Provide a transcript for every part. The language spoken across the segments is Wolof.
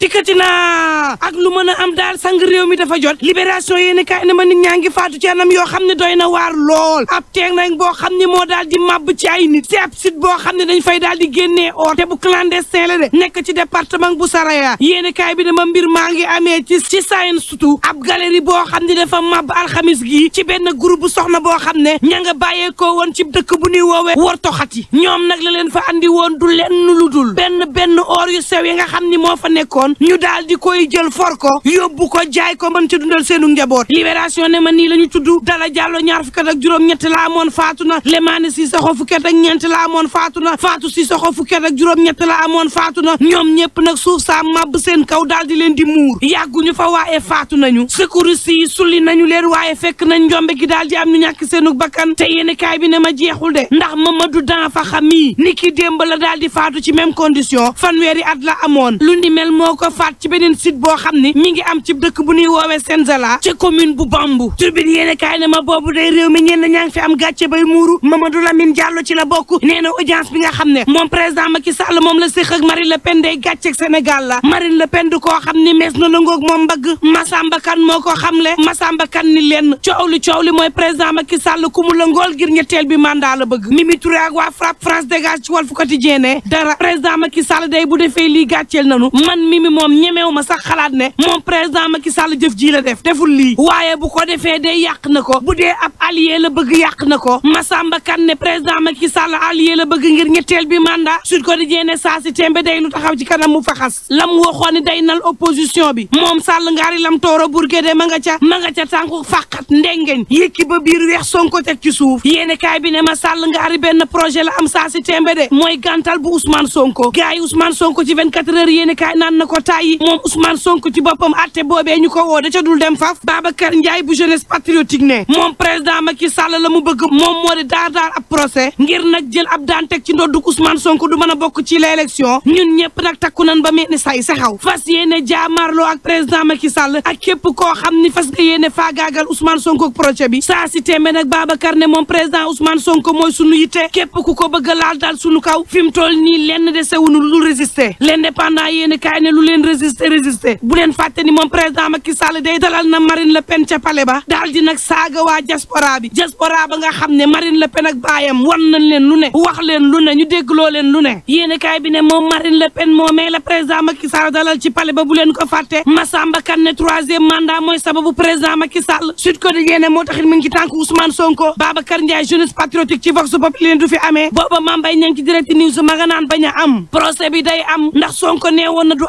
dikkati naa ak lu mën a am daal sang réew mi dafa jot libération yéeni kaay na ma nit ñaa ngi faatu ci anam yoo xam ne doy na waar lool ab teeg nañ boo xam ne moo daal di màbb ci ay nit si ab site boo xam ne dañ fay daal di génnee or te bu clandestin la de nekk ci département bu Saraya yéeni kaay bi dama mbir maa ngi amee ci ci Sahel surtout ab galerie boo xam ne dafa màbb alxamis gii ci benn groupe bu soxna boo xam ne ña nga bàyyeekoo woon ci dëkk bu ñuy woowee wartoxati ñoom nag la leen fa andi woon du lenn lu dul benn benn or yu sew ni moo fa nekkoon boppam ñu daal di koy jël for ko yóbbu ko jaay ko man ci dundal seenu njaboot libération ne ma nii la ñu tudd dala jàllo ñaar fukkat ak juróom-ñett laa moon faatu na lemaane si saxo ñeent laa moon faatu na faatu si soxo fukkat ak juróom-ñett la amoon faatu na ñoom ñépp nag suuf saa màbb seen kaw daal di leen di muur yàgguñu fa waaye faatu nañu secouriste si sulli nañu leer waaye fekk nañ njombe ki daal di am ñu ñàkk seenu bakkan te yéen kaay bi ne ma jeexul de ndax Mamadou Dan Fakha mii ni ki démb la daal di faatu ci même condition fanweeri at la amoon lu ni mel ko faat ci beneen site boo xam ni mi ngi am ci dëkk bu ñuy woowee Senzala ci commune bu Bambou turbine yéen kaay ne ma boobu day réew mi ñenn ñaa ngi fi am gàcce bay muuru Mamadou Lamine Diallo ci la bokk nee na bi nga xam ne moom ma Macky Sall moom la séq ak Marine Le Pen day gàcceeg Sénégal la Marine Le Pen du koo xam ni mees na nangoog moom mbagg Massamba kan moo ko xamle Massamba kan ni lenn coow li coow li mooy président Macky Sall ku mu la ngool ngir ñetteel bi mandat la bëgg Mimi Touré ak waa FRAPP France dégage ci Walf Quotidien dara président Macky Sall day bu defee lii gàcceel nanu man Mimi mi moom ñemewu ma sax xalaat ne moom président Macky Sall jëf ji la def deful lii waaye bu ko defee dee yàq na ko bu dee ab la bëgg yàq na ko Massamba Kane ne président ki Sall allié la bëgg ngir ñetteel bi mandat Sud Quotidien ne saa si tembe day lu taxaw ci kanam mu faxas lam waxoon ne day nal opposition bi moom Sall ngaari lam tooro burge de ma nga ca ma nga ca tànku fàqat ndengeñ yëkki ba biir weex Sonko teg ci suuf yéene kaay bi ne ma Sall ngaari benn projet la am saa si tembe de mooy gàntal bu Ousmane Sonko gaay Ousmane Sonko ci 24 heures yéene kaay ko ba tàyyi moom Ousmane Sonko ci boppam atte boobee ñu ko woo da ca dul dem faf Babacar Ndiaye bu jeunesse patriotique ne moom président Macky Sall la mu bëgg moom moo di daar daar ab procès ngir nag jël ab daan teg ci ndoddu Ousmane Sonko du mën a bokk ci l'élection ñun ñëpp nag takku nan ba mel ni say saxaw fas yéene jaamarloo ak président Macky Sall ak képp koo xam ni fas nga yéene faagaagal Ousmane Sonko ak projet bi saa si téemé nag ne moom président Ousmane Sonko mooy sunu yitte képp ku ko bëgg laal daal sunu kaw fi mu toll nii lenn de sewunu lu résister l'indépendant yéene kaay lu leen résister résister bu leen ni moom président Macky Sall day dalal na Marine Le ca palais ba daal saaga waa diaspora bi diaspora ba nga xam ne Marine Le ak baayam wan leen lu ne wax leen lu ne ñu déggloo leen lu ne yéenekaay bi ne moom Marine Le Pen moo président Macky Sall dalal ci palais ba bu leen ko fàtte Massamba ne troisième mandat mooy sababu président Macky Sall Sud Quotidien ne moo taxit mu ngi ci tànk Sonko Babacar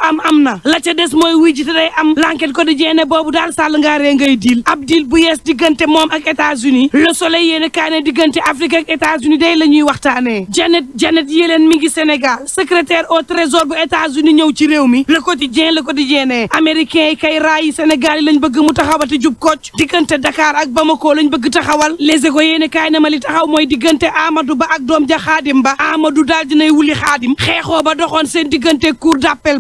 a am am na la des mooy wuy ji te day am l'enquête quotidien ne boobu daal sàll ngaaree ngay diil ab diil bu yees diggante moom ak États-Unis le soleil yéen a kaane diggante Afrique ak états day la ñuy waxtaanee Janet Janet Yellen mi ngi Sénégal secrétaire au trésor bu États-Unis ñëw ci réew mi le ko quotidien le quotidien ne américain yi kay raayi Sénégal yi lañ bëgg mu taxawati jub kocc diggante Dakar ak Bamako lañ bëgg taxawal les éco yéen a na ma li taxaw mooy diggante Amadou Ba ak doom ja Xaadim Ba Amadou daal dinay wuli Xaadim xeexoo ba doxoon seen diggante cour d'appel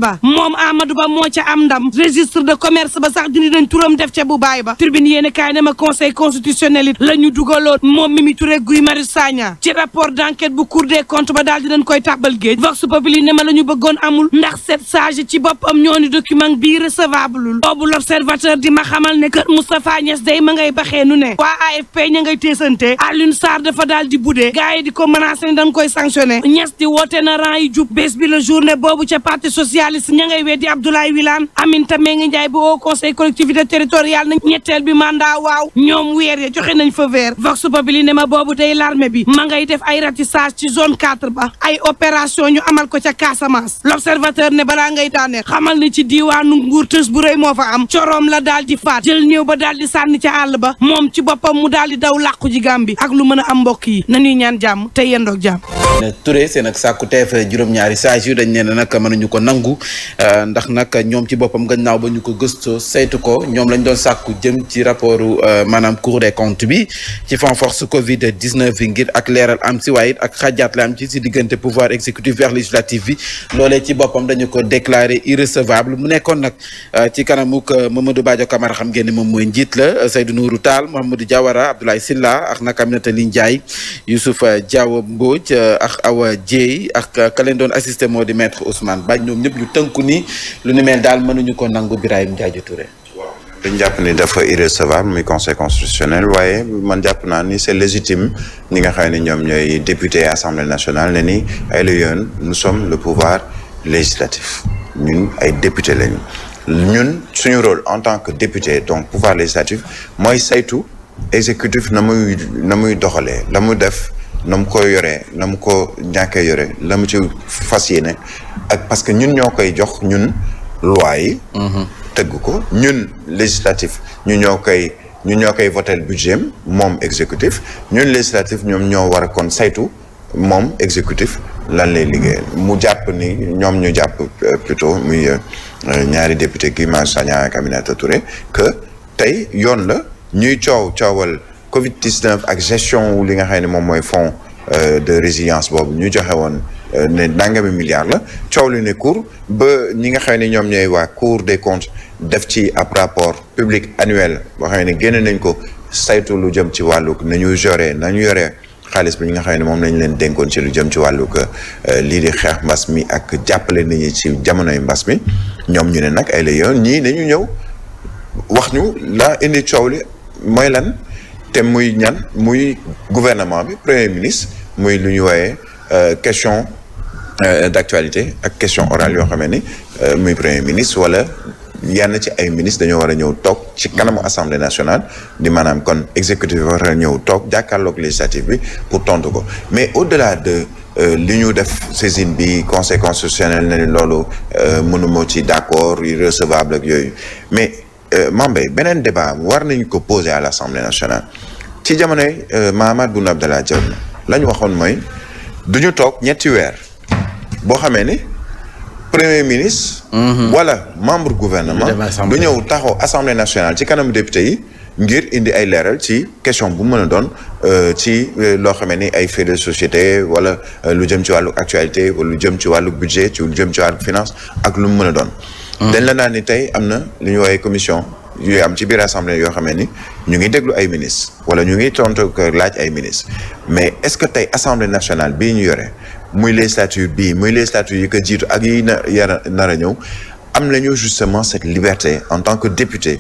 moom Amadou Ba moo ca am ndam registre de commerce ba sax dindi nañ turam def ca bu baay ba tribune yéen kaay ne ma conseil constitutionnel it la ñu dugaloon moom Mimi Touré Guy Marius Sagna ci rapport d'enquête bu cour des comptes ba daal dinañ koy tàbbal géej vox populi ne ma la ñu bëggoon amul ndax sept sages ci boppam ñoo ni document bii recevable boobu l'observateur di ma xamal ne kër Moustapha Niass day ma ngay baxee nu ne waa AFP ña ngay teesante Alioune Sarr dafa daal di budee gars yi ko menacé ne dañ koy sanctionné Niass woote na rang bi la journée boobu ca parti socialiste ña koy weddi Abdoulaye Wilane Aminata Mbengue Ndiaye bu Haut Conseil collectivité territoriale na ñetteel bi mandat waaw ñoom weer ya joxe nañ fa vert vox populi ne ma boobu dey l'armée bi ma ngay def ay ratissage ci zone 4 ba ay opération ñu amal ko ca Casamance l'observateur ne balaa ngay daane xamal ni ci diiwaanu nguur tës bu rëy moo fa am coroom la daal di faat jël néew ba daal di sànni ca àll ba moom ci boppam mu daal di daw làqu ji bi ak lu mën a am mbokk yi nañuy ñaan jàmm te yendoog jàmm Touré seen ak sàkku teef juróom-ñaari sages yu dañ ne nag mënuñu ko nangu Euh, ndax nag ñoom ci boppam gannaaw ba ñu ko gëstoo saytu ko ñoom lañu doon sàkku jëm ci rapportu euh, manaam cour de comptes bi ci fond force Covid 19 bi ngir ak leeral am si waaye it ak xajaat la am ci si diggante pouvoir exécutif vers législatif bi loolee ci boppam dañu ko déclaré irrecevable mu nekkoon nag euh, ci kanamuk Mamadou baajo Camara xam ngeen ne moom mooy njiit la Seydou Nourou Tall Mouhamadou Diawara Abdoulaye Silla ak nag Aminata Ly Ndiaye Youssouf Diaw Mbodj ak Awa Dieye ak ka leen doon assisté moo di maître Ousmane Ba ñoom ñëpp ñu tënku lu nu mel daal mënuñu ko nangu Birahim Ndiaye Touré. dañ jàpp ni dafa irrecevable muy conseil constitutionnel waaye man jàpp naa ni c'est légitime ñi nga xam ni ñoom ñooy député assemblée nationale ne ni ay la yoon nous sommes le pouvoir législatif ñun ay député lañu ñun suñu rôle en tant que député donc pouvoir législatif mooy saytu exécutif na muy na muy doxalee la mu def na ko koy yoree na mu ko ñàkkee yore la mu ci fas yi ne ak parce que ñun ñoo koy jox ñun loi yi mhm. tëgg ko ñun législatif ñu ñoo koy ñu ñoo koy voté budget moom exécutif ñun législatif ñoom ñoo war kon saytu moom exécutif lan lay liggéeyal mu jàpp ni ñoom ñu jàpp euh, plutôt muy euh, ñaari député Guy Marius Sagna ak Aminata Touré que tey yoon la ñuy coow coowal Covid 19 ak gestion wu li nga xam ne moom mooy fonds euh, de résilience boobu ñu joxe woon euh, ne nangami milliards la coow li ne cour ba ñi nga xam ni ñoom ñooy waa cour des comptes def ci ab rapport public annuel boo xam ne génne nañ ko saytu lu jëm ci wàllug nañu joree nañu yoree xaalis bi ñi nga xam ne moom lañ leen dénkoon ci lu jëm ci wàllug euh, lii di xeex mbas mi ak jàppale nit ci jamonoy mbas mi ñoom ñu ne nag ay la ñii dañu ñëw wax ñu la indi coow li mooy lan te muy ñan muy gouvernement bi premier ministre muy lu ñu wooyee euh, question euh, d'actualité ak question orale yoo xam ni euh, muy premier ministre wala yenn ci ay ministre dañoo war a ñëw toog ci kanamu assemblée nationale di maanaam kon exécutif bi war a ñëw toog jàkkaarloog législative bi pour tontu ko mais au-delà de li ñu def saisine bi conseil constitutionnel ne loolu mënumoo ci d'accord irrecevable ak yooyu mais Euh, Mambey beneen débat war nañu ko poser à l' assemblée nationale ci jamonoy euh, Mahammed Boun Abdallah Dionne la ñu waxoon mooy du ñu toog ñetti weer boo xamee ni premier ministre. Mhm. wala membre gouvernement. du ñëw taxaw assemblée nationale ci kanam député yi. ngir indi ay leeral ci question bu mën a doon euh, ci loo xamee ni ay faits société wala lu jëm ci wàllu actualité wala lu jëm ci wàllu budget ci lu jëm ci wàllu finance ak lu mu mën a doon. Mm-hmm. dañ la naan ni tey am na lu ñu woowee commission yu am ci biir assemblée yoo xam ne ni ñu ngi déglu ay ministre wala ñu ngi tontu ko laaj ay ministres mais est-ce que tey assemblée nationale bi ñu yore muy législature bii muy législature yi ko jiitu ak yi na yara nar a ñëw am nañu justement cette liberté en tant que député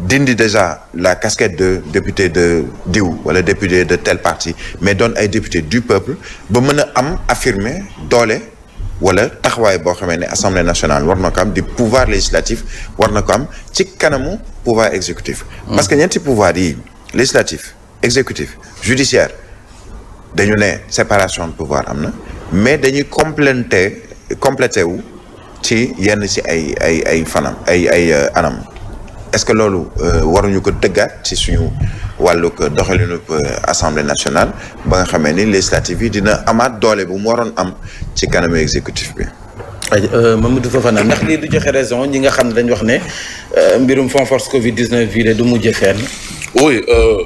dindi déjà la casquette de député de diw wala député de tel parti mais doon ay député du peuple ba mën a am affirmer doole. wala taxawaay boo xamee ne assemblée nationale war na ko am di pouvoir législatif war na ko am ci kanamu pouvoir exécutif. Hmm. parce que ñeenti pouvoir yi législatif exécutif judiciaire dañu ne séparation de pouvoir am na mais dañuy complété complété wu ci yenn ci ay ay ay fanam ay ay euh, anam est-ce que loolu euh, waruñu ko dëggaat ci suñu. wallu wàllug doxalinu assemblée nationale ba nga xamee ni législative yi dina amaat doole bu mu waroon am ci kanamu exécutif bi. waaw euh, Mamadou Fofana ndax lii du joxe raison ñi nga xam ne dañ wax ne euh, mbirum fonds force Covid 19 bii de du mujj fenn. oui euh,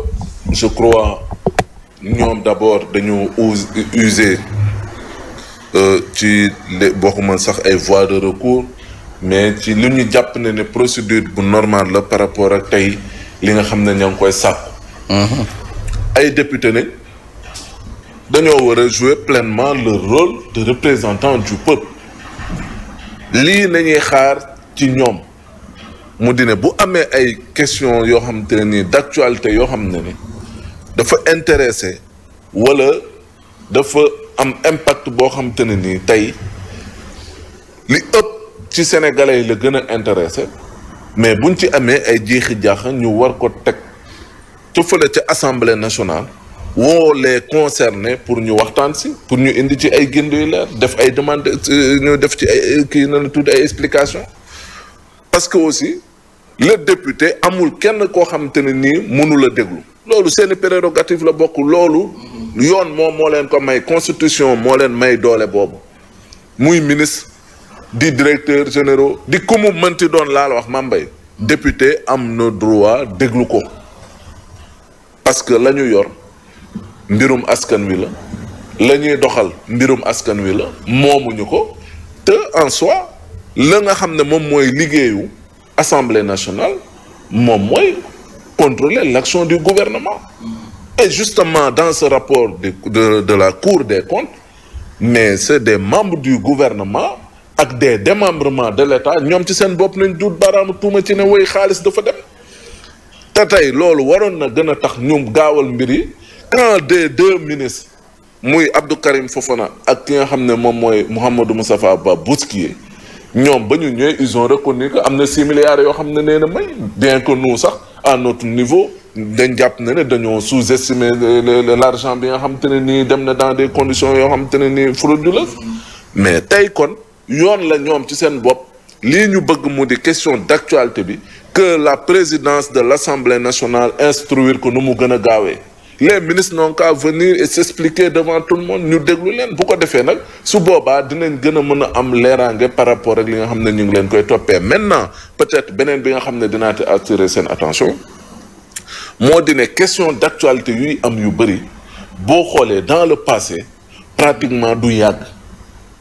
je crois ñoom d' abord dañu usé euh, ci les sax ay voies de recours mais ci li ñu jàpp ne ne procédure bu normale la par rapport ak tey li nga xam ne ñoo ngi koy sàkku Mm-hmm. ay député nañ dañoo war a jouer pleinement leur rôle de représentant du peuple lii nañuy xaar ci ñoom mu di ne bu amee ay question yoo xam te ne nii d'actualité yoo xam ne ni dafa intéressé wala dafa am impact boo xam te ne nii tey li ëpp ci sénégalais yi la gën a intéressé mais buñ ci amee ay jeexi jaaxa ñu war ko teg ca fële ca assemblée nationale woo les concernés pour ñu waxtaan si pour ñu indi ci ay génn yu leer def ay demande ñu def ci ay kii na tudd ay explication parce que aussi le député amul kenn koo xamante ne nii mënula déglu loolu seeni prérogative la bokk loolu yoon moom moo leen ko may constitution moo leen may doole boobu muy ministre di directeur généraux di ku mu mënti doon laal la wax mambay député am na droit déglu ko parce que la ñu yor mbirum askan wi la la ñuy doxal mbirum askan wi la moomuñu ko te en soit la nga xam ne moom mooy liggéeyu assemblée nationale moom mooy contrôler l'action du gouvernement et justement dans ce rapport de, de de la Cour des comptes mais c'est des membres du gouvernement ak des démembrements de l'État ñoom ci seen bopp nañ duut baaraamu tuuma ci ne woy xaalis dafa dem te tey loolu waroon na gën a tax ñu gaawal mbir yi quand des deux ministres muy Abdou Karim Fofana ak ki nga xam ne moom mooy Mouhamadou Moustapha Ba Bousquier ñoom ba ñu ñëw ils ont reconnu am na six milliards yoo xam ne nee na may bien ko nous sax à notre niveau dañ jàpp na ne dañoo sous-estimer l'argent bi nga xam te ne nii dem na dans des conditions yoo xam te ne nii frauduleuses mais tey kon yoon la ñoom ci seen bopp lii ñu bëgg mu di question d'actualité bi que la présidence de l'Assemblée nationale instruire ko nu mu gën a gaawee les ministres n'ont qu'à venir et s'expliquer devant tout le monde ñu déglu leen bu ko defee nag su boobaa dinañ gën a mën a am leeraange par rapport ak li nga xam ne ñu ngi leen koy toppee maintenant peut-être beneen bi nga xam ne dinaa te attirer seen attention moo di ne question d'actualité yuy am yu bëri boo xoolee dans le passé pratiquement du yàgg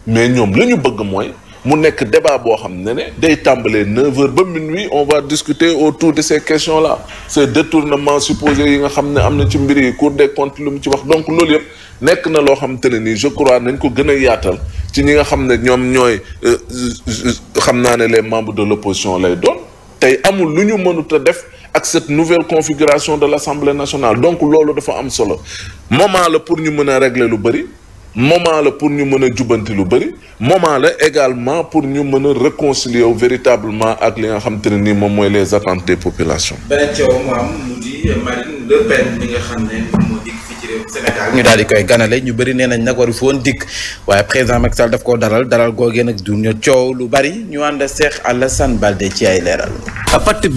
mais ñoom la ñu bëgg mooy mu nekk débat boo xam ne ne day tàmbalee neuf heures ba minuit on va discuter tout de ces questions là ces détournements supposés yi nga xam ne am na ci mbir yi Cour des lu mu ci wax donc loolu yëpp nekk na loo xam te ne nii je crois nañ ko gën a yaatal ci ñi nga xam ne ñoom ñooy euh, euh, euh, xam naa ne les membres de l'opposition lay doon tey amul lu ñu mënut a def ak cette nouvelle configuration de l'Assemblée nationale donc loolu dafa am solo moment la pour ñu mën a régler lu bëri moment la pour ñu mën a jubbanti lu bëri moment la également pour ñu mën a réconcilier wu véritablement ak li nga xam te ne nii moom mooy les attentes des populations. nga xam Sénégal ñu daal di koy ganale ñu bëri nee nañ nag waru foon dikk waaye président Macky koo dalal dalal lu bari ñu ànd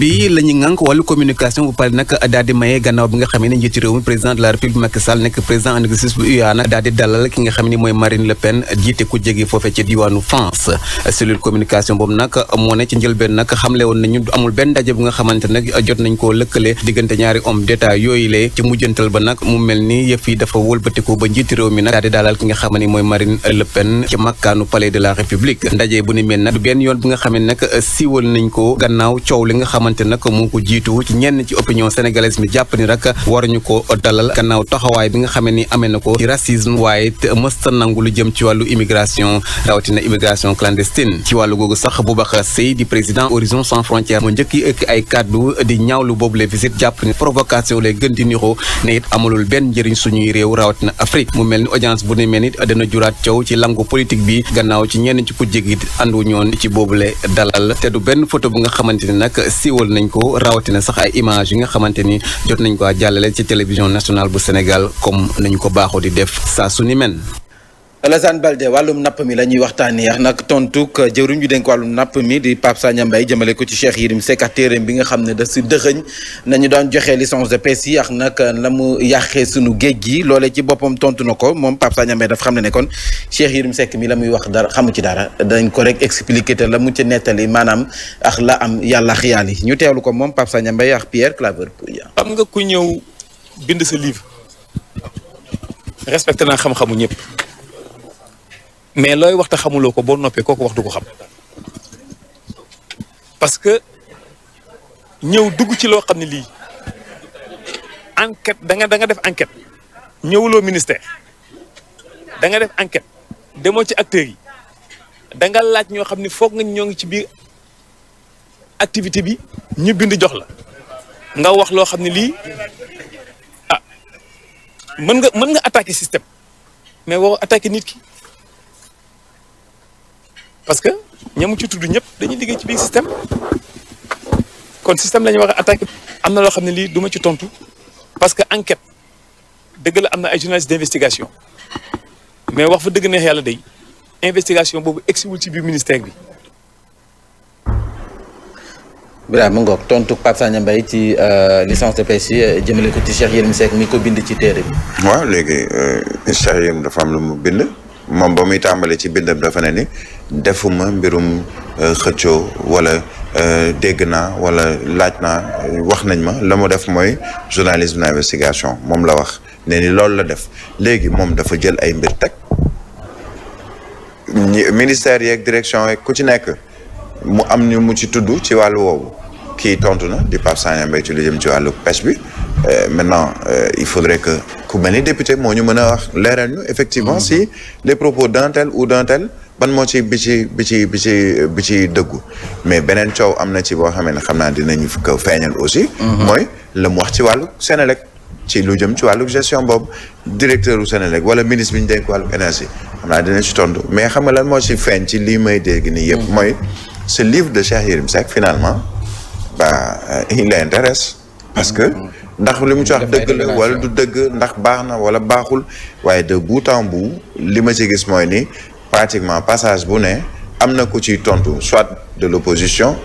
Cheikh la ñu ŋànk wàllu communication bu pare nag daal bi nga xam ne njiitu réew mi président de la république Macky Sall nekk président en exercice bu UA nag daal di dalal ki nga xam ne mooy Marine Le Pen jiite ku jege foofee ci diwaanu France cellule communication boobu nag moo ne ci njëlbeen nag xamle woon nañu amul benn daje bu nga xamante nag jot nañ koo lëkkale diggante ñaari homme d'état yooyu lee ci mujjantal ba nag mu mel ni yëf fii dafa wëlbatiku ba njiitu réew mi nag daal di daalal ki nga xam ne mooy Marine Le Pen ci makkaanu palais de la République ndaje bu ni mel nag du benn yoon bi nga xam ne nag siiwal nañ ko gannaaw coow li nga xamante nag moo ko jiitu ci ñenn ci opinion sénégalaise mi jàpp ni rek waruñu ko dalal gannaaw taxawaay bi nga xam ne amee na ko ci racisme waaye mësta nangu lu jëm ci wàllu immigration rawatina immigration clandestine ci wàllu googu sax Boubacar di président Horizon Sans Frontières moo njëkk ëkk ay kàddu di ñaawlu boobu les visites jàpp ni provocation lay gën di niro suñuy réew rawatina Afrique mu mel ni audience bu ne mel ni dana juraat coow ci langu politique bi gannaaw ci ñenn ci ku jéggi àndu ñoon ci boobule dalal te du benn photo bu nga xamante ne nag siiwal nañ ko rawatina sax ay image yi nga xamante ni jot nañ ko jàllale ci télévision nationale bu Sénégal comme nañu ko baaxoo di def saa su ni Alassane Balde wàllum napp mi la ñuy waxtaanee ak nag tontuk jëwriñ ñu dénk wàllum napp mi di Pape Sagna Mbaye jëmale ko ci Cheikh Yérim Seck ak téeréem bi nga xam ne da si dëxëñ nañu daan joxe licence de pêche yi ak nag la mu yàqee sunu géej gi loole ci boppam tontu na ko moom Pape Sagna Mbaye dafa xam ne ne kon Cheikh Yérim Seck mi la muy wax dara xamu ci dara dañ ko rek expliqué te la mu ci nettali maanaam ak la am yàlla xiyaal yi ñu teelu ko moom Pape Sagna Mbaye ak Pierre Claver Pouye. xam nga ku ñëw bind sa livre respecté naa ñëpp. mais looy waxta xamuloo ko boo noppee kooku wax du ko xam parce que ñëw dugg ci loo xam ne lii enquete da nga da nga def enquête ñëwuloo ministère da nga def enquête demoo ci acteurs yi da nga laaj ñoo xam ne foog nga ñoo ngi ci biir activité bi ñu bind jox la nga wax loo xam ne lii ah mën nga mën nga attaquer système mais waroo attaque nit ki. parce que ñamu ci tudd ñëpp dañuy liggéey ci biir système kon système la ñuy wax attaque am na loo xam ne lii duma ci tontu parce que enquête dëgg la am na ay journalistes d'investigation mais wax fa dëgg neex yàlla day investigation boobu egsiwul ci biir ministère bi. Birame ngoog tontu Pape Sagna mbay ci euh, licence de pêche yi euh, jëmale ko ci Cheikh Yérim Seck mi ko bind ci téere bi. waaw léegi euh, Cheikh Yérim dafa am lu mu bind. moom ba muy tàmbale ci bindam dafa ne ni defuma mbirum euh, xëccoo wala euh, dégg naa wala laaj naa euh, wax nañ ma la mu def mooy journalisme d'investigation moom la wax ne ni loolu la def léegi moom dafa jël ay mbir teg ministère yeeg direction yeeg ku ci nekk mu am ñu mu ci tudd ci wàllu woowu kii tontu na di Pape Sagna Mbaye ci ci wàllu pêche bi Euh, maintenant euh, il faudrait que ku mel ni député moo ñu mën a wax leeral ñu effectivement mm-hmm. si les propos d'un tel ou d'un ban moo ci bi ci bi ci bi ci ci dëggu mais beneen coow am na ci boo xamee ne xam naa ñu dinañu ko feeñal aussi mm-hmm. mooy la mu wax ci wàllu Sénélec ci lu jëm ci wàllu gestion boobu directeur u Sénélec wala ministre bi ñu dénk wàllu énergie xam naa dinañ ci tontu mais xam nga lan moo ci feeñ ci lii may dégg nii yëpp mm-hmm. mooy ce livre de Cheikh i Seck finalement bah euh, ndax li mu ci wax dëgg la wala du dëgg ndax baax na wala baaxul waaye de bout en bout li ma ci gis mooy ni pratiquement passage bu ne am na ku ciy tontu soit de l'opposition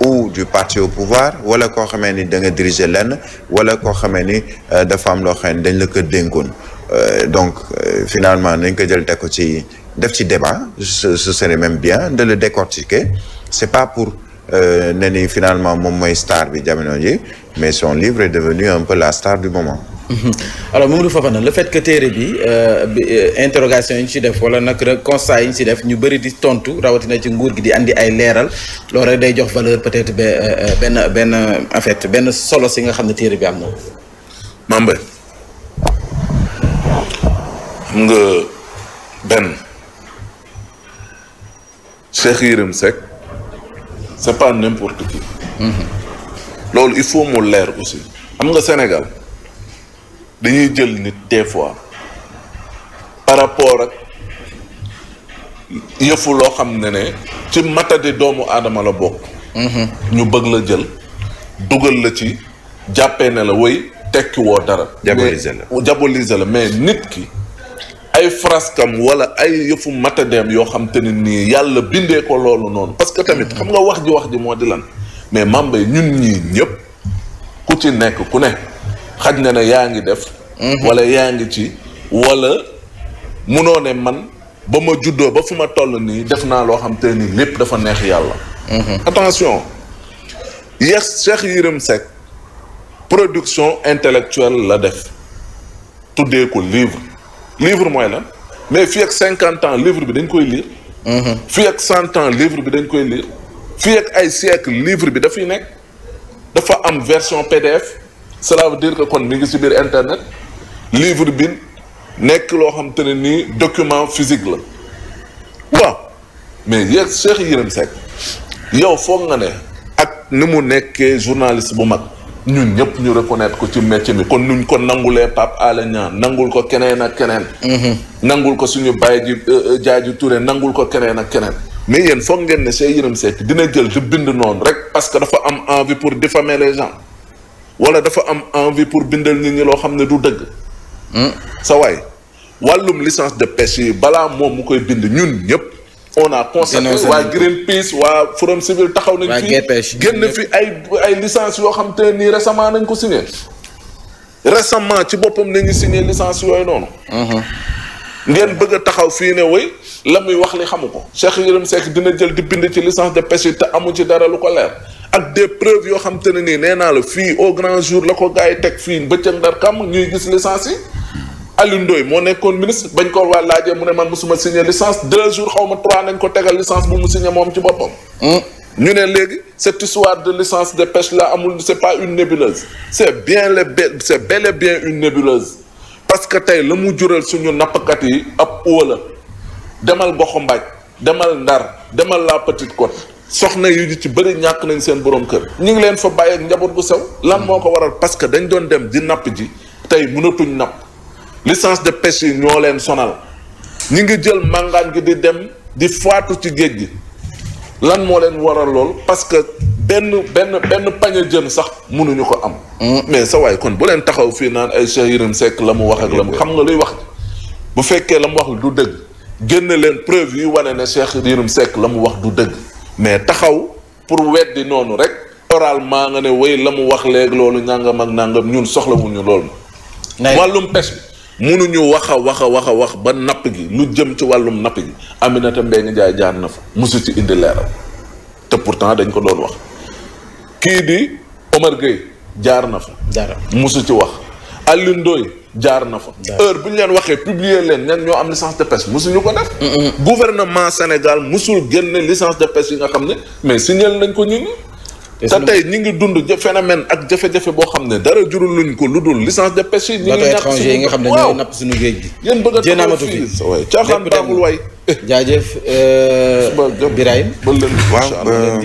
ou du parti au pouvoir wala koo xamee ni da nga diriger lenn wala koo xamee ni euh, dafa am loo xam ne dañ la kë dénkoon euh, donc euh, finalement nañ ko jël teg ko ci def ci débat ce serait même bien de le décortiquer c'est pas pour Euh, ne ni finalement moom mooy star bi jamono ji mais son livre est devenu un peu la star du moment. Mhm. alors Mamadou le fait téere bi euh, euh, interrogation yi ñu ci def wala nag rek yi ñu ci def ñu bëri di tontu rawatina ci nguur gi di andi ay leeral loolu day jox valeur peut-être benn benn en benn solo si nga xam ne téere bi am na. xam nga benn Cheikh Yérim Seck. c' est pas n'importe qui mhm. loolu il faut mu leer aussi xam nga Sénégal dañuy jël nit des fois par rapport ak yëfu loo xam ne ne ci matadi doomu aadama la bokk mhm. ñu bëgg la jël dugal la ci jàppee ne la woy tekki woo dara diaboliser la mais nit ki fraskam wala ay yëfu matadeem yoo xam te ne nii yàlla bindee ko loolu noonu parce que tamit xam nga wax ji wax ji moo di lan mais mambay ñun ñii ñëpp ku ci nekk ku ne xaj na ne yaa ngi def mhm. wala yaa ngi ci walla munoo ne man ba ma juddoo ba fu ma toll nii def naa loo xam te nii lépp dafa neex yàlla mhm. attention yeex Cheikh Yérim Seck production intellectuelle la def tuddee ko livre livre mooy lan mais fii ak cinquante ans livre bi dañ koy lire. Mhm. fi ak cent ans livre bi dañ koy lire. fii ak ay siècle livre bi dafay nekk dafa am version PDF cela veut dire que kon mi ngi si biir internet livre bi nekk loo xam te ne nii document physique la waaw mais yéeg Cheikh Yérim Seck yow foog nga ne ak ni mu nekkee journaliste bu mag. ñun ñëpp ñu reconnaître ko ci métier bi kon nuñ ko nangulee Pape Alé Niang nangul ko keneen ak keneen. Mm-hmm. nangul ko suñu baay ji euh, euh, Jaaju Touré nangul ko keneen ak keneen. mais yéen foog ngeen ne see Yérim seet dina jël di bind noonu rek parce que dafa am envie pour diffamer les gens wala dafa am envie pour bindal nit ñi loo xam ne du dëgg. Mm. sa waay wàllum licence de pêche yi balaa moom mu koy bind ñun ñëpp. on a constaté waa Greenpeace waa Forum Civil taxaw nañ fi génn fi ay ay licence yoo xam te nii récemment nañ ko signé récemment ci boppam nañu signé licence yooyu noonu uh-huh. ngeen bëgg taxaw fii ne way la muy wax li xamu ko Cheikh Yérim Seck dina jël di bind ci licence de pêche yi te amu ci dara lu ko leer ak des preuves yoo xam te ne nii nee naa la fii au grand jour la ko gars yi teg fii bëccëg ndar kam ñuy gis licence yi Alioune Ndoye moo nekkoon ministre bañ koo war laajee mu ne man musuma signé licence deux jours xaw ma trois nañ ko tegal licence bu mu signé moom ci boppam. Hmm. ñu ne léegi cette histoire de licence de pêche là amul c' est pas une nébuleuse c' bien le c' est bel bien une nébuleuse parce que tey la mu jural suñu nappkat yi ab óo demal goxu demal ndar demal la petite côte soxna yu ci bëri ñàkk nañ seen borom kër ñu ngi leen fa bàyyi ak njaboot bu sew lan moo ko waral parce que dañ doon dem di napp ji tey mënatuñ napp licence de peche yi ñoo leen sonal ñi ngi jël màngaan gi di dem di faatu ci géej gi lan moo leen waral lool parce que benn benn benn pañe jën sax mënuñu ko am. Mm. mais sawaay kon bu leen taxaw fii naan ay Cheikh Yérim Seck la mu wax la mu xam nga luy wax bu fekkee la mu wax du dëgg génn leen preuve yi wane ne Cheikh Yérim Seck la mu wax du dëgg mais taxaw pour weddi noonu rek oralement nga ne way la mu wax léegi loolu ñàngam ak nàngam ñun soxlawuñu loolu. wàllum pêche bi mënuñu wax a wax a wax a wax ba napp gi lu jëm ci wàllum napp gi Aminata Mbengue Ndiaye jaar na fa mosu ci indi leeral te pourtant dañ ko doon wax kii di Omar Gueye jaar na fa. dara mosu ci wax Alioune Ndoye jaar na fa. heure bu ñu leen waxee publier leen ñan ñoo am licence de pêche mosuñu ko def. gouvernement Sénégal mosul génne licence de pêche yi nga xam ne mais signal nañ ko ñun. te tey ñu ngi dund phénomène ak jafe-jafe boo xam ne dara jurul luñ ko lu dul licence de pêche yi. ñu nga xam ne ñooy napp suñu géej gi. yéen bëgg a taxaw fii waaye caaxaan baaxul waay. jaajëf euh, Birahim. waaw euh,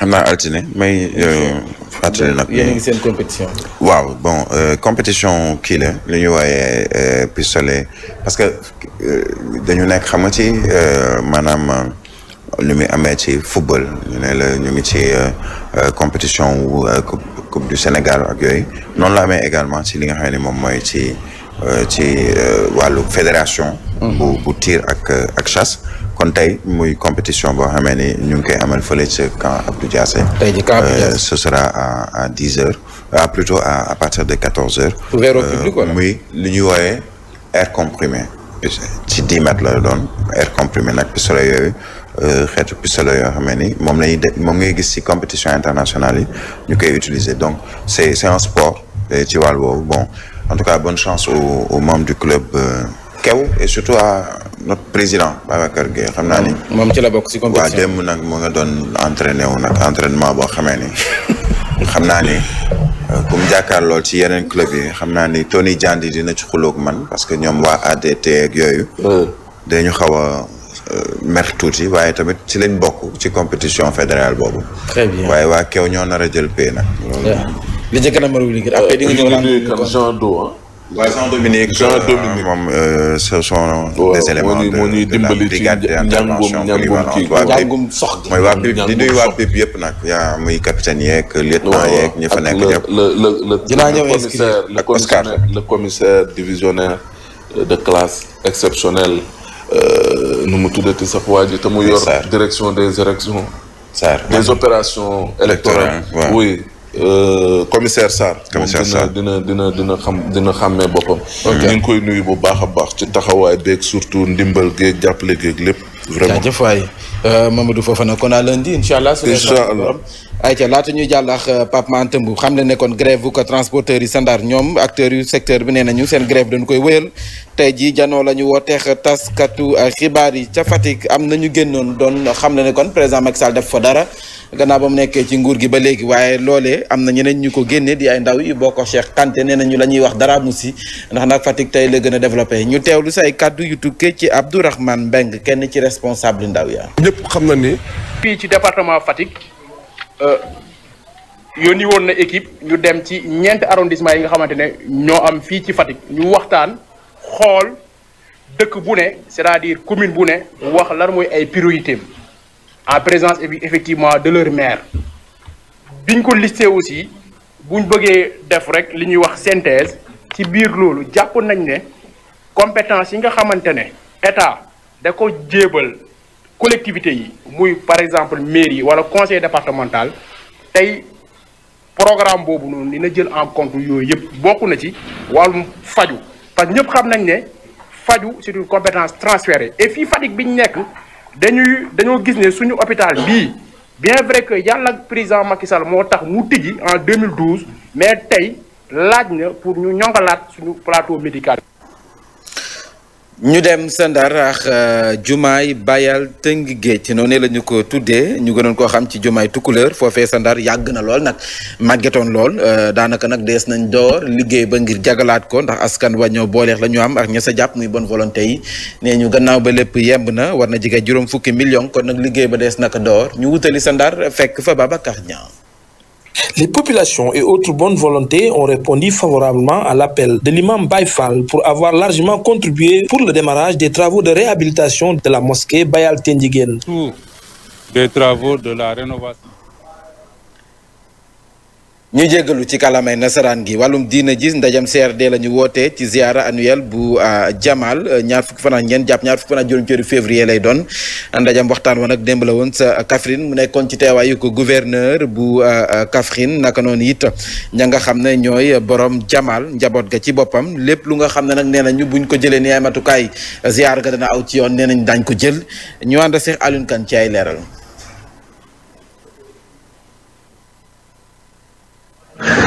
am naa altine may euh, fàttali nag. yéen a ngi seen compétition. waaw bon compétition kii la lu ñuy wooyee pistolet parce que dañu nekk xam nga ci maanaam. li muy amee ci football ñu ne la ñu ngi ci euh, euh, compétition wu euh, coupe du Sénégal ak yooyu noonu la amee également ci li nga xam ni moom mooy ci ci wàllu fédération. Mhm. bu tiir ak ak chasse. kon tey muy compétition boo xamee ni ñu ngi koy amal fale ca camp Abdou Diassé. sera à à dix heures à à partir de quatorze heures. muy li ñuy wooyee air comprimé. ci dix la doon air comprimé nag pistolet yooyu. Euh, xeetu pistolet yoo xam ne ni moom lañuy de moom ngay gis ci compétition internationale yi ñu koy utiliser donc c'est c'est un sport euh, ci wàll woowu bon en tout cas bonne chance aux, aux membres du club euh, Kew surtout à notre président Babacar Gueye xam naa ni moom ci bokk ci compétition waaw démb nag mu doon entraîné wu nag entraînement boo xamee ni xam naa ni comme jàkkaar lool ci yeneen club yi xam naa ni Tony Diandi dina ci xuloog man parce que ñoom waa ADT ak yooyu oh. dañu xaw a Euh, mer tuuti waaye tamit ci lañ bokk ci compétition fédérale boobu. très waaye waa kew ñoo nar a jël pay nag. li njëkk na Maroc liggéey après Jean Do ah. Jean euh, moom euh, ce sont des éléments de de la brigade d'intervention polyvalente waa PIP yëpp nag. yaa muy capitaine yeeg lieutenant yeeg ñi fa nekk ñëpp. le le le le commissaire le commissaire divisionnaire de classe exceptionnelle. Euh, nu mu tuddati sax waa ji te mu yor direction des élections des opérations électorales oui euh, commissaire Sarr commissaire Sarr dina dina dina xam dina xàmmee boppam ñu koy nuyu bu baax a baax ci taxawaay beeg surtout ndimbal géeg jàppale géeg lépp vraiment jaajëf waay euh, Mamadou Fofana kon à lundi incha allah. incha allah ayca laata ñuy jàll ak euh, Pape Mantembou xam ne ne kon grève bu ko transporteurs yi standard ñoom acteur yu secteur bi nee nañu seen grève dañu koy wéyal tey jii janoo la ñu wooteex taskatu euh, xibaar yi ca Fatick am na ñu génnoon doon xam ne ne kon président Macky Sall def fa dara. gannaaw ba mu nekkee ci nguur gi ba léegi waaye loolee am na ñeneen ñu ko génne di ay ndaw boo ko Cheikh Kanté nee nañu la ñuy wax dara musi ndax nag Fatick tey la gën a développé ñu teewlu say kàddu yu tukkee ci Abdourahmane Mbeng kenn ci responsable ndaw ya ñëpp xam na ni. fii ci département Fatick euh, yónni woon na équipe ñu dem ci ñeenti arrondissement yi nga xamante ne ñoo am fii ci Fatick ñu waxtaan xool dëkk bu ne cest à diir commune bu ne wax lan mooy ay priorité en présence effectivement de leur maire biñ ko listé aussi buñ bëggee def rek li ñuy wax synthèse ci biir loolu jàpp nañ ne compétence yi nga xamante ne état da ko jéebal collectivité yi muy par exemple mairie wala conseil départemental tey programme boobu noonu dina jël en compte yooyu yëpp bokk na ci wàllum faju parce que ñëpp xam nañ ne faju c'est une compétence transférée et fi Fatick bi ñu nekk dañuy dañoo gis ne suñu hôpital bii bien vrai que yàlla ak président Macky moo tax mu tijji en deux mille 2012 mais tey laaj na pour ñu ñongalaat suñu plateau médical. ñu dem sa ndar ak euh, jumaay bayal tëng géej noonu la ñu ko tuddee ñu gënoon koo xam ci jumaay tukkuleur foofee sa ndar yàgg na lool nag màggetoon lool euh, daanaka nag dees nañ door liggéey ba ngir jagalaat ko ndax askan wa ñoo booleex la ñu am ak ña sa jàpp muy bonne volonté yi nee ñu gannaaw ba lépp yemb na war na jege juróom fukki million kon nag liggéey ba dees naka door ñu wutali sa ndar fekk fa Babacar Niang Les populations et autres bonnes volontés ont répondu favorablement à l'appel de l'imam Baïfal pour avoir largement contribué pour le démarrage des travaux de réhabilitation de la mosquée Bayal Tendiguen. Tous les travaux de la rénovation ñu jéggalu ci kalamay nasaraan gi wàllum diina ji ndajam CRD la lañu wootee ci ziara annuelle bu euh, Jamal euh, ñaar fukki fan ñeent jàpp ñaar fukki fan ak juróom ci février lay doon ndajam waxtaan woon ak démb la woon sa Kaffrine mu nekkoon ci teewaayu ko gouverneur bu euh, kafrin naka noonu it ña nga xam ne ñooy borom Jamal njaboot ga ci boppam lépp lu nga xam ne nag nee ñu buñ ko jëlee ni ay matukaay ziar ga dana aw ci yoon nee nañ daañ ko jël ñu ànd Seex Alioune ay leeral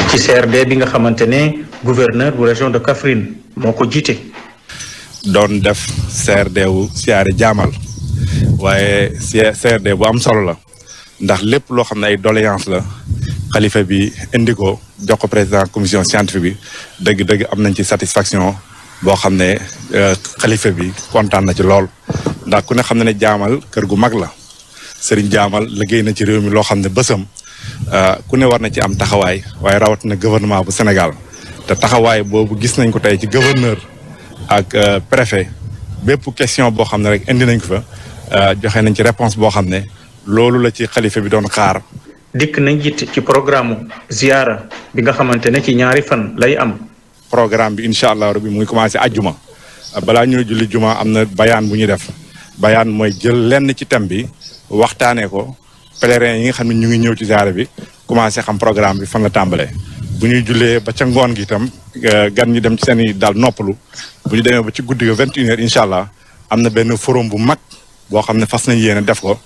ci CRD bi nga xamante ne gouverneur bu région de Kaffrine moo ko jiite. doon def CRD wu siyaare jaamal waaye CRD bu am solo la ndax lépp loo xam ne ay doléance la xalifa bi indi ko jox ko président commission scientifique bi dëgg-dëgg am nañ ci satisfaction boo xam ne euh, xalifa bi kontaan na ci lool ndax ku ne xam ne ne jaamal kër gu mag la sëriñ jaamal liggéey nañ ci réew mi loo xam ne bësam Euh, ku ne war na ci am taxawaay waaye rawatina gouvernement bu Sénégal te taxawaay boobu gis nañ ko tey ci gouverneur ak euh, préfet bépp question boo xam ne rek indi nañ ko fa euh, joxe nañ ci réponse boo xam ne loolu la ci xalifa bi doon xaar. dikk nañ it ci programme ziara bi nga xamante ne ci ñaari fan lay am. programme bi incha allah rabbi mu ngi commencé ajjuma balaa ñuy julli juma am na bayaan bu ñuy def bayaan mooy jël lenn ci thème bi waxtaanee ko. pèlerins yi nga xam ne ñu ngi ñëw ci ziyaara bi commencé xam programme bi fan la tàmbalee bu ñu jullee ba ca ngoon gi itam euh, gan ñu dem ci seen i daal noppalu bu ñu demee ba ci guddi ga vingt une heures incha allah am na benn forum bu mag boo xam ne fas nañ yéene def ko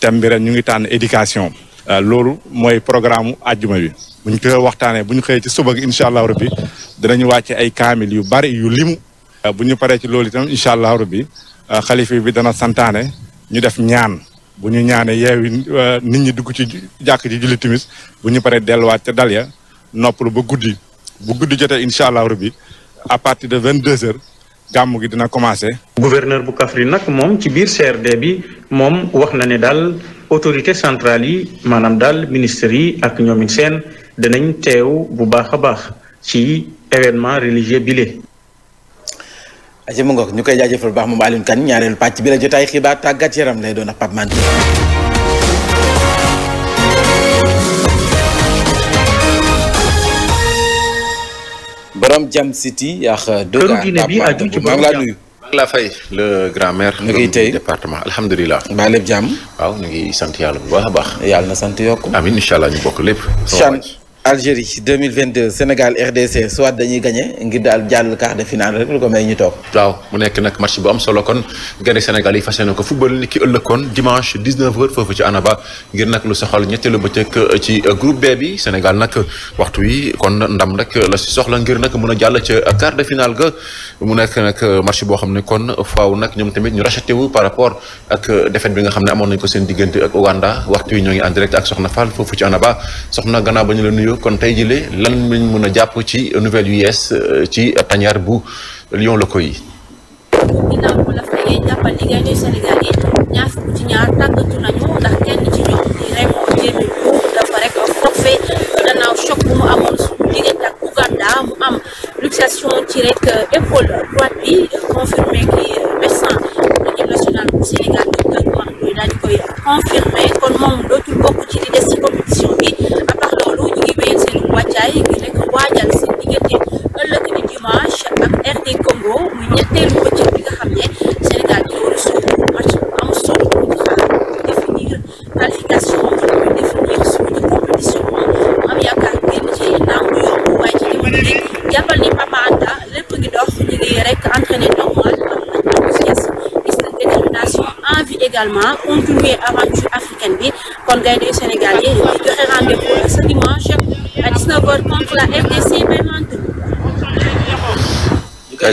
thème bi ñu ngi tànn éducation euh, loolu mooy programme ajjuma bi bu ñu ko waxtaanee bu ñu xëyee ci suba gi incha allah rabbi dinañu wàcce ay kaamil yu bari yu limu euh, bu ñu paree ci loolu incha allah rabbi xalifa bi dana santaane ñu def ñaan bu ñu ñaanee yeewi euh, nit ñi dugg ci jàkk ji julli timis bu ñu paree delluwaat ca dal ya noppalu ba guddi bu guddi jotee incha allah rabbi à partir de vingt deux heures gàmm gi dina commencé. gouverneur bu Kaffrine nag moom ci biir CRD bi moom wax na ne daal autorité centrale yi maanaam daal ministres yi ak ñoomin seen danañ teew bu baax a baax ci événement religieux bile. aja ma ngook ñu koy jaajëfal baax moom Alioune Kane ñaareelu pàcc bi a jotaay xibaar tàggat yaram lay doon ak Pape Mane borom jam city ak Doga maa ngi laa nuyu maa la fay le grand maire. ñu ngi tey département alhamdulilah. mbaa lépp waaw ñu ngi sant yàlla bu baax a baax. yàlla na sant yokk. amiin incha ñu bokk lépp. Algérie 2022 Sénégal RDC soit dañuy gagné ngir daal jàll quart de finale rek lu ko may ñu toog. waaw mu nekk nag match bu am solo kon gane Sénégal yi fas yéene ko football ni ki ëllëgoon dimanche 19h lu soxal ñetteelu bëccëg euh, ci euh, groupe B bi Sénégal wi kon ndam rek euh, la si soxla ngir nag mun a jàll ca quart de finale ga mu nekk nag match boo xam ne kon faaw nak ñoom tamit ñu racheté wu par rapport ak défaite bi nga xam ne amoon nañ ko seen diggante ak Ouganda waxtu wi ñoo ngi en direct ak Soxna Fall foofu ci Annaba soxna gannaaw ba la nuyoo. kon tey jëlee lan lañ mën a jàpp ci nouvelle yu yees euh, ci tanière bu Lion Loko yi. ginnaaw bu la fayee jàppal li ngay Sénégal yi ñaar ci ñaar tàggatu nañu ndax kenn ci ñoom di Raymond Jéeme Diouf dafa rek forfait gannaaw choc bu mu amoon suñu diggante ak Ouganda mu am luxation ci rek euh, épaule droite bi confirmé. également continuer aventure africaine bi kon gaynde Sénégal yi joxe rendez-vous ce dimanche à 19h contre la RDC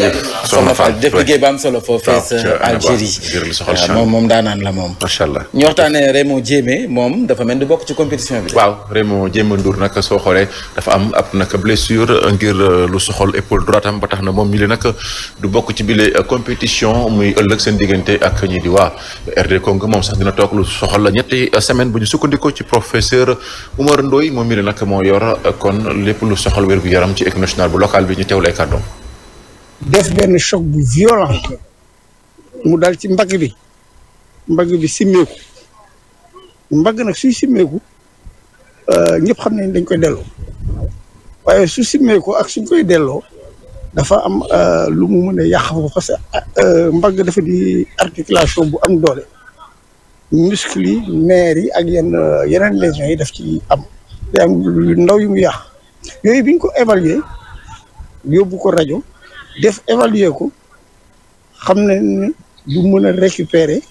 jaajëf soxna Fall def liggéey ba am solo foofee sa Algérie moom moom daanaan la moom macha allah ñu waxtaanee Raymond Diémé moom dafa mel ni bokk ci compétition bi waaw Raymond Diémé Ndour nag soo xoolee dafa am ab naka blessure ngir euh, lu soxol épaule droite am ba tax na moom mi li nag du bokk ci bile euh, compétition muy ëllëg seen diggante ak ñi di waa RD moom sax dina toog lu soxol ñetti euh, semaine bu ñu sukkandikoo ci professeur Oumar Ndoye moom mi li nag moo yor kon lépp lu soxol wér gu yaram ci équipe bu local bi ñu teewlee kàddoom def benn choc bu violent mu dal ci mbagg bi mbagg bi simmeeku mbagg nag suy simmeeku euh, ñëpp xam nañ dañ koy delloo waaye su simmeeku ak suñ koy delloo dafa am euh, lu mu mën a yàq foofu parce euh, mbagg dafa di articulation bu am doole muscle yi yi ak yenn yeneen lésions yi def ci am day ndaw yu mu yàq yooyu biñ ko évaluer yóbbu ko rajo def évaluer ko xam ne ni mën a récupérer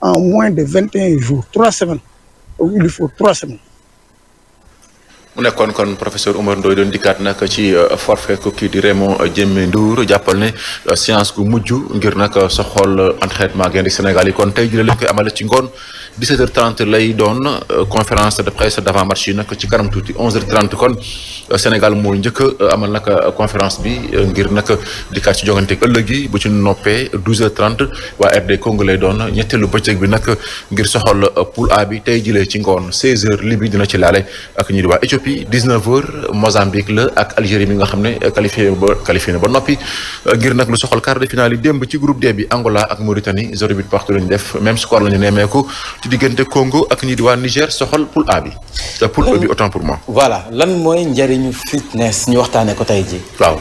en moins de vingt et un jours trois semaines il faut trois semaines mu nekkoon kon professeur Oumar Ndoye doon dikkaat nag ci euh, forfait ko kii di Raymond Jémé Ndour jàppal ne euh, séance gu mujj ngir nag euh, soxol entraînement gaynde Sénégal yi kon tey jii lañ koy amale ci ngoon 17h30 lay doon euh, conférence de presse d'avant match yi ci kanam tuuti 11h30 kon euh, Sénégal moo njëkk amal nag euh, conférence bi ngir nag dikkaat ci jogante ëllëg yi bu ci noppee 12 h waa RD Congo lay doon ñetteelu bëccëg bi nag ngir soxal poule A bi tey jilee ci ngoon 16h Libye dina ci laale ak ñi di waa Éthiopie 19h Mozambique la ak Algérie mi nga xam ne qualifié ba ba noppi ngir nag lu soxal quart de finale yi démb ci groupe D bi Angola ak Mauritanie zéro but partout lañu def même score diggante Congo ak ñi di waa Niger soxal poule A bi. poule A e bi autant pour moi. voilà lan mooy njariñu fitness ñu waxtaanee ko tey ji